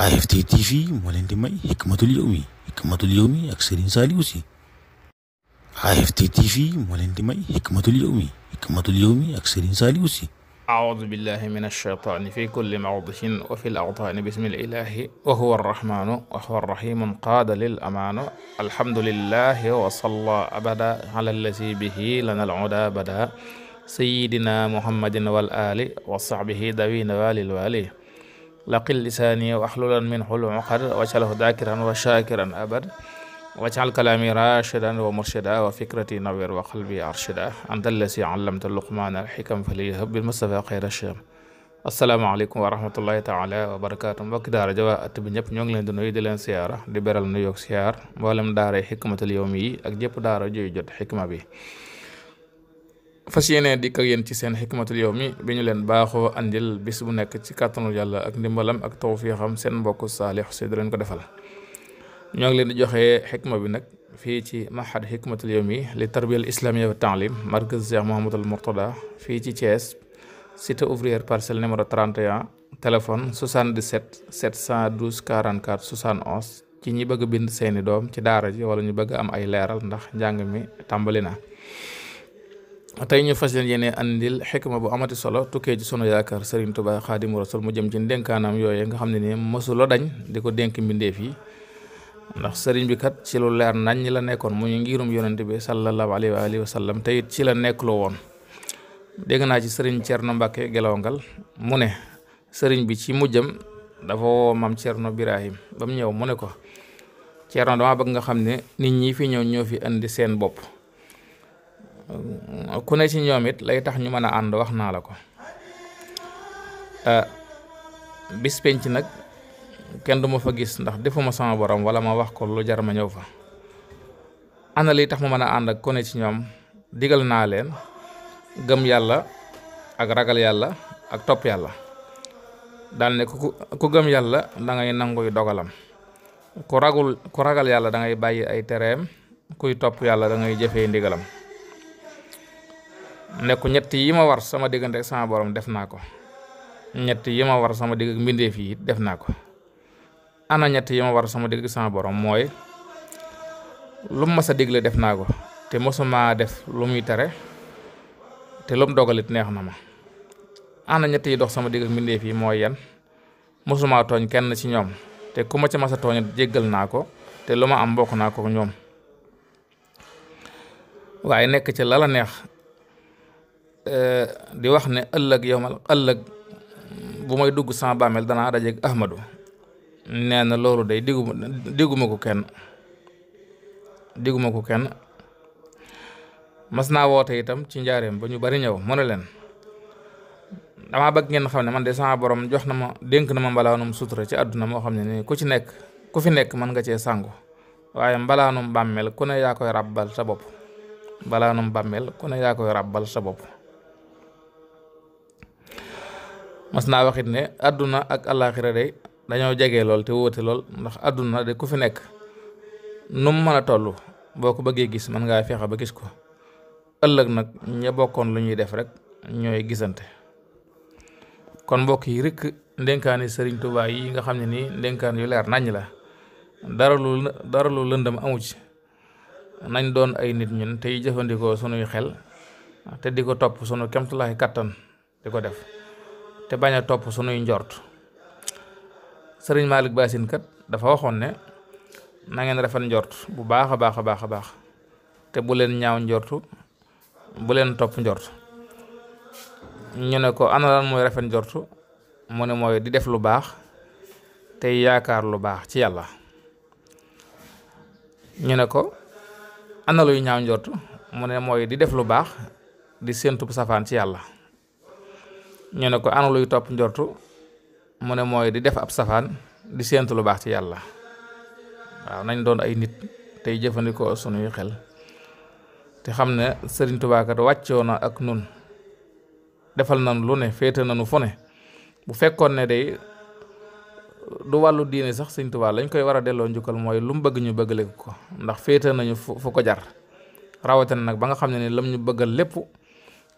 AFT TV moo leen di may Hikmatul Yawmi Hikmatul Yawmi ak Serigne Saliou Sy AFT TV moo leen di may Hikmatul Yawmi Hikmatul Yawmi ak Serigne Saliou Sy أعوذ بالله من الشيطان في كل موضح وفي الأوطان بسم الإله وهو الرحمن وهو الرحيم قاد للأمان الحمد لله وصلى أبدا على الذي به لنا العدى بدا سيدنا محمد والآل وصحبه دوين والي الوالي laqil lisaani waxlulan min xulu uqad wajalahu daakiran wa shaakiran abad wajal kalaami rashidan wa murshida wa fikrati nawir wa qalbi arshida anta allasi sham asalaamaaleykum wa rahmatullahi taala wa barakaatu daara jawa bi ñëpp ñoo ngi leen di di leen siyaara di beral nuyoog siyaar mboolem daara xikmatul yawmi ak jëpp daara juy jot xikma bi fas yéene dikk ak yéen ci seen xikmatul yow mi bi ñu leen baaxoo andil bis bu nekk ci kàttanul yàlla ak ndimbalam ak xam seen mbokk saalix si di leen ko defal ñoo ngi leen di joxe xikma bi nag fii ci mahad xikmatul yow mi li tarbiyal islamiyya wa taalim markaz Cheikh Mouhamadul Mourtada fii ci Thiès cité ouvrière parcelle numéro 31 téléphone 77 712 44 71 ci ñi bëgg bind seeni doom ci daara ji wala ñu bëgg am ay leeral ndax njàng mi tàmbali na. tey ñu fas yéene andil xikma bu amati solo tukkee ci sunu yaakaar Serigne Touba Xaadimu Rasul mu jëm ci ndénkaanam yooye nga xam ne nii mësuloo dañ di ko dénk mbindeef yi ndax Serigne bi kat ci lu leer nañ la nekkoon muy ngirum yonent bi sallallahu alayhi wa sallam te ci la nekkuloo woon dégg naa ci Serigne Thierno Mbacke Gelawangal mu ne sëriñ bi ci mu jëm dafa woo maam Thierno Birahim ba mu ñëw mu ne ko Thierno dama bëgg nga xam ne nit ñi fi ñëw ñëw fi indi seen bopp. ku ne ci ñoom it lay tax ñu mën a ànd wax naa la ko ah, bis penc nag kenn du ma fa gis ndax defuma sama boroom wala ma wax ko lu jar ma ñëw fa ana li tax ma mën a ànd ak ku ne ci ñoom digal naa leen gëm yàlla ak ragal yàlla ak topp yàlla daal ne ku ku gëm yàlla dangay ngay nanguy dogalam ku ragul ku ragal yàlla dangay bàyyi ay tereem kuy topp yàlla da ngay jëfee ndigalam nekku ñett yi ma war sama diggante ak sama borom def naa ko ñett yi ma war sama digg ak mbindeef yi def naa ko ana ñetti yi ma war sama digg sama borom mooy lu mu mas a digle def naa ko te mosuma def lu muy tere te lu mu neex na ma ana ñett yi sama digg ak mbindeef yi mooy yan mosuma tooñ kenn ci ñoom te ku ma ca mas a tooñ jéggal naa ko te lu ma am bokk naa ko ñoom waaye nekk ci la la neex di wax ne ëllëg yowmal ëllëg bu may dugg sama bàmmeel danaa dajeeg Ahmadu nee na loolu de diguma diguma ko kenn diguma ko kenn mas naa woote itam ci njaareem ba ñu bari ñëw mu ne leen damaa bëgg ngeen xam ne man de sama borom jox na ma dénk na ma mbalaanum sutura ci àdduna moo xam ne nii ku ci nekk ku fi nekk mën nga cee sàngu waaye mbalaanum bàmmeel ku ne yaa koy ràbbal sa bopp mbalaanum bàmmeel ku ne yaa koy ràbbal sa bopp mas naa waxit ne àdduna ak àllaaxira day dañoo jege lool te wóote lool ndax àdduna de ku fi nekk nu mu mën a toll boo ko bëggee gis mën ngaa fexe ba gis ko ëllëg nag ña bokkoon lu ñuy def rek ñooy gisante kon mbokk yi rikk ndénkaani sëriñ Tuubaa yi nga xam ne nii ndénkaan yu leer nañ la dara lu dara lu lëndam amu ci nañ doon ay nit ñun tey jëfandikoo sunuy xel te di ko topp sunu kemtulaay kattan di ko def te bañ a topp sunuy njort sëriñ Malick Bassine kat dafa waxoon ne nangeen ngeen rafet njort bu baax a baax a baax a baax te bu leen ñaaw njortu bu leen topp njort ñu ne ko ana lan mooy rafet njortu mu ne mooy di def lu baax te yaakaar lu baax ci yàlla ñu ne ko ana luy ñaaw njortu mu ne mooy di def lu baax di séentub safaan ci yàlla ñu ne ko ana topp njortu mu ne mooy di def ab safaan di séentu lu baax ci yàlla waaw nañ doon ay nit tey jëfandikoo sunuy xel te xam ne sëriñ tubaakat kat na ak nun defal na lu ne féete nañu fu ne bu fekkoon ne day du wàllu diine sax sëriñ Tuubaa lañ koy war a delloo njukkal mooy lum bëgg ñu bëggale ko ndax féete nañu fu ko jar rawatina nag ba nga xam ne ni lam ñu bëggal lépp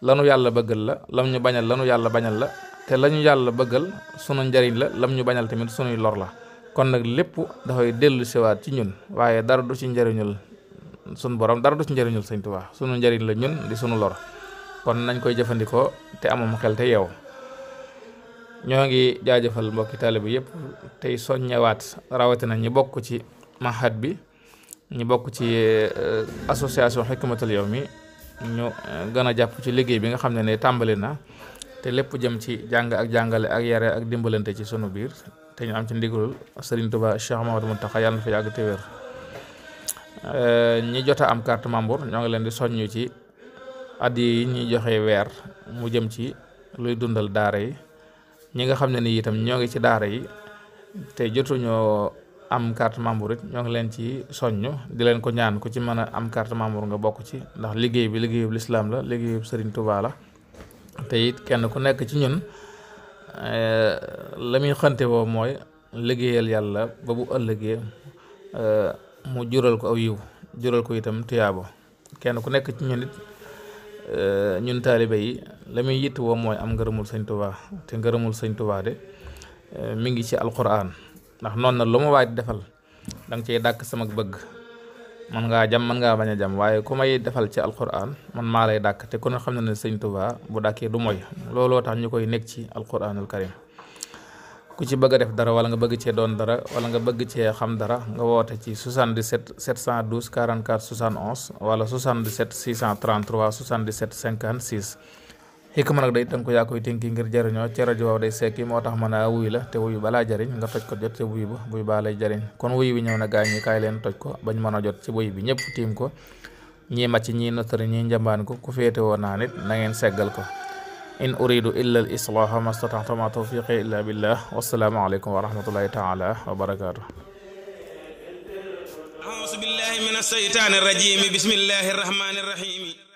lanu yàlla bëggal la lam ñu bañal lanu yàlla bañal la te lañu yàlla bëggal sunu njariñ la lam ñu bañal tamit sunuy lor la kon nag lépp dafay dellu siwaat ci ñun waaye dara du ci njariñul sunu borom dara du ci njariñul Sëñ Tuubaa sunu njariñ la ñun di sunu lor kon nañ koy jëfandikoo te amam xel te yeewu ñoo ngi jaajëfal mbokki taalibe yépp tey soññewaat rawatina ñi bokk ci mahad bi ñi bokk ci eh, association Hikmatul mi ñu eh, gën a jàpp ci liggéey bi nga xam ne ne tàmbali na te lépp jëm ci jàng ak jàngale ak yare ak dimbalante ci sunu biir te ñu am ci ndigalul Serigne Touba Cheikh Mamadou Mountakha yàlla na fa yàgg te wér eh, ñi jot am carte membre ñoo ngi leen di soññu ci at yi joxe weer mu jëm ci luy dundal daara yi ñi nga xam ne ni itam ñoo ngi ci daara yi te jotuñoo am carte membre it ñoo ngi leen ci soññ di leen ko ñaan ko ci mën a am carte membre nga bokk ci ndax liggéey bi liggéeyub lislaam la liggéeyub Sëriñ Tuubaa la te it kenn ku nekk ci ñun eh, la muy xante mooy liggéeyal yàlla ba bu ëllëgee eh, mu jural ko aw yiw jural ko itam tuyaabo kenn ku nekk ci ñun it eh, ñun taalibe yi la muy yitt woo mooy am ngërëmul sëñ Tuubaa te ngërëmul sëñ Tuubaa de mi ngi ci alquran ndax noonu na lu ma waay defal da nga cey dàkk sama bëgg mën ngaa jam mën ngaa bañ a jam waaye ku may defal ci alquran man maa lay dàkk te ku ne xam na ne sëñ Tuubaa bu dàkkee du mooy looloo tax ñu koy nekk ci alquranul karim ku ci bëgg def dara wala nga bëgg cee doon dara wala nga bëgg cee xam dara nga woote ci 77 712 44 71 wala 77 633 77 56 xikma nag day tënku yaa koy tënki ngir jariñoo ci rajo waaw day sekki moo tax mën a wuy la te wuy balaa jariñ nga toj ko jot ci wuy ba wuy baa lay bi ñëw na ko bañ mën a jot ci wuy tiim ko ñii màcc ñii notari ñii njambaan ko ku féete woon naa nit na ngeen seggal ko in uridu illa al islaaha mastata'tu ma tawfiqi illa billah wassalaamu aleykum wa rahmatullahi taala wa barakaatu auzu billahi min asheytaani rajim bismillahi rahmaani rahim